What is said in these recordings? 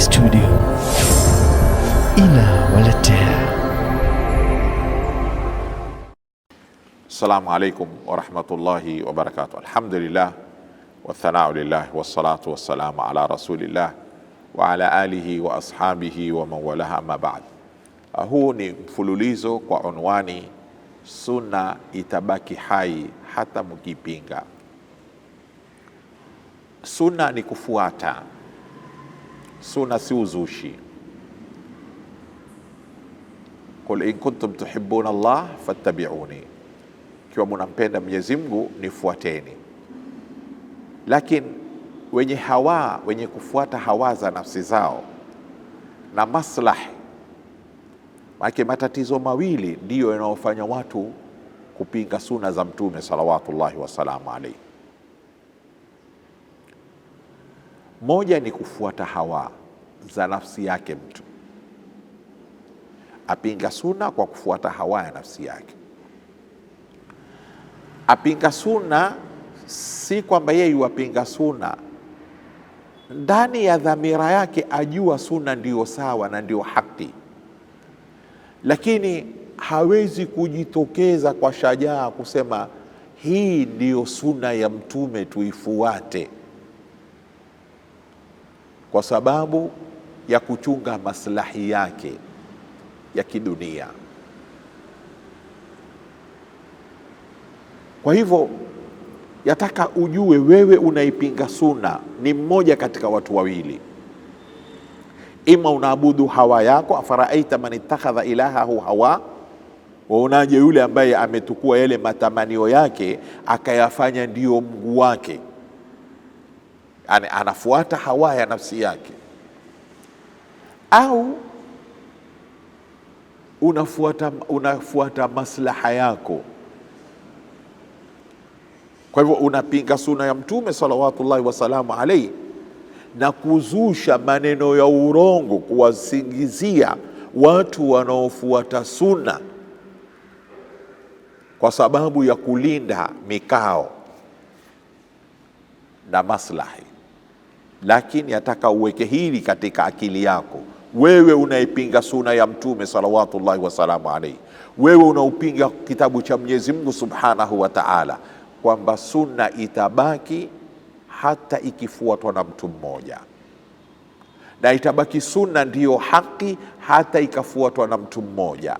Studio inawaletea. Assalamu alaikum warahmatullahi wabarakatuh. Alhamdulillah wathanau lillah wassalatu wassalamu ala rasulillah wa ala alihi wa ashabihi wa manwalaha, amma baad. Ah, huu ni mfululizo kwa unwani sunna itabaki hai hata mkipinga. Sunna ni kufuata suna si uzushi. Qul in kuntum tuhibbuna Allah fattabiuni, ikiwa munampenda Mwenyezi Mungu nifuateni. Lakini wenye hawa wenye kufuata hawa za nafsi zao na maslahi maake, matatizo mawili ndiyo yanayofanya watu kupinga suna za Mtume salawatullahi wasalamu alaihi. Moja ni kufuata hawa za nafsi yake. Mtu apinga suna kwa kufuata hawa ya nafsi yake. Apinga suna si kwamba yeye yuwapinga suna, ndani ya dhamira yake ajua suna ndiyo sawa na ndiyo haki, lakini hawezi kujitokeza kwa shajaa kusema hii ndiyo suna ya Mtume tuifuate kwa sababu ya kuchunga maslahi yake ya kidunia. Kwa hivyo yataka ujue wewe unaipinga suna ni mmoja katika watu wawili, ima unaabudu hawa yako, afaraaita man ittakhadha ilahahu hawa, waonaje yule ambaye ametukua yale matamanio yake akayafanya ndiyo mguu wake yani anafuata hawa ya nafsi yake, au unafuata, unafuata maslaha yako. Kwa hivyo unapinga suna ya Mtume salawatullahi wasalamu alaihi na kuzusha maneno ya urongo, kuwasingizia watu wanaofuata sunna kwa sababu ya kulinda mikao na maslahi lakini ataka uweke hili katika akili yako wewe unaipinga suna ya Mtume salawatullahi wasalamu alaihi, wewe unaupinga kitabu cha Mwenyezi Mungu subhanahu wa taala, kwamba sunna itabaki hata ikifuatwa na mtu mmoja, na itabaki sunna ndiyo haki hata ikafuatwa na mtu mmoja.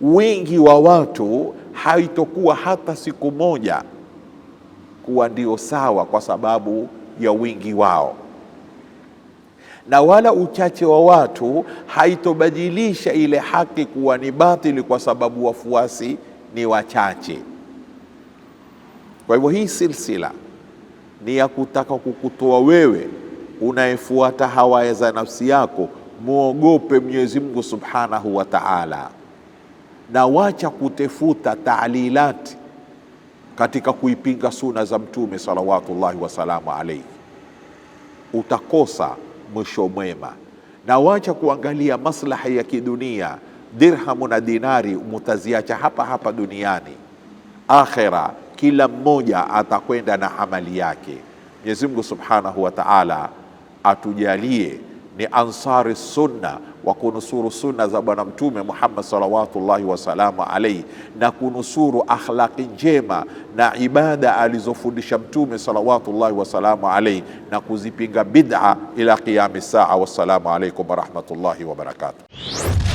Wingi wa watu haitokuwa hata siku moja kuwa ndio sawa, kwa sababu ya wingi wao, na wala uchache wa watu haitobadilisha ile haki kuwa ni batili, kwa sababu wafuasi ni wachache. Kwa hivyo hii silsila ni ya kutaka kukutoa wewe unayefuata hawa za nafsi yako, muogope Mwenyezi Mungu Subhanahu wa Ta'ala, na wacha kutefuta taalilati katika kuipinga suna za Mtume salawatullahi wasalamu alaihi, utakosa mwisho mwema. Na wacha kuangalia maslahi ya kidunia, dirhamu na dinari mutaziacha hapa hapa duniani. Akhera kila mmoja atakwenda na amali yake. Mwenyezi Mungu subhanahu wa taala atujalie ni ansari sunna wa kunusuru sunna za Bwana Mtume Muhammad salawatullahi wasalamu alaihi na kunusuru akhlaqi njema na ibada alizofundisha Mtume salawatullahi wasalamu alaihi na kuzipinga bid'a ila qiyami saa. Wassalamu alaikum warahmatullahi wabarakatuh.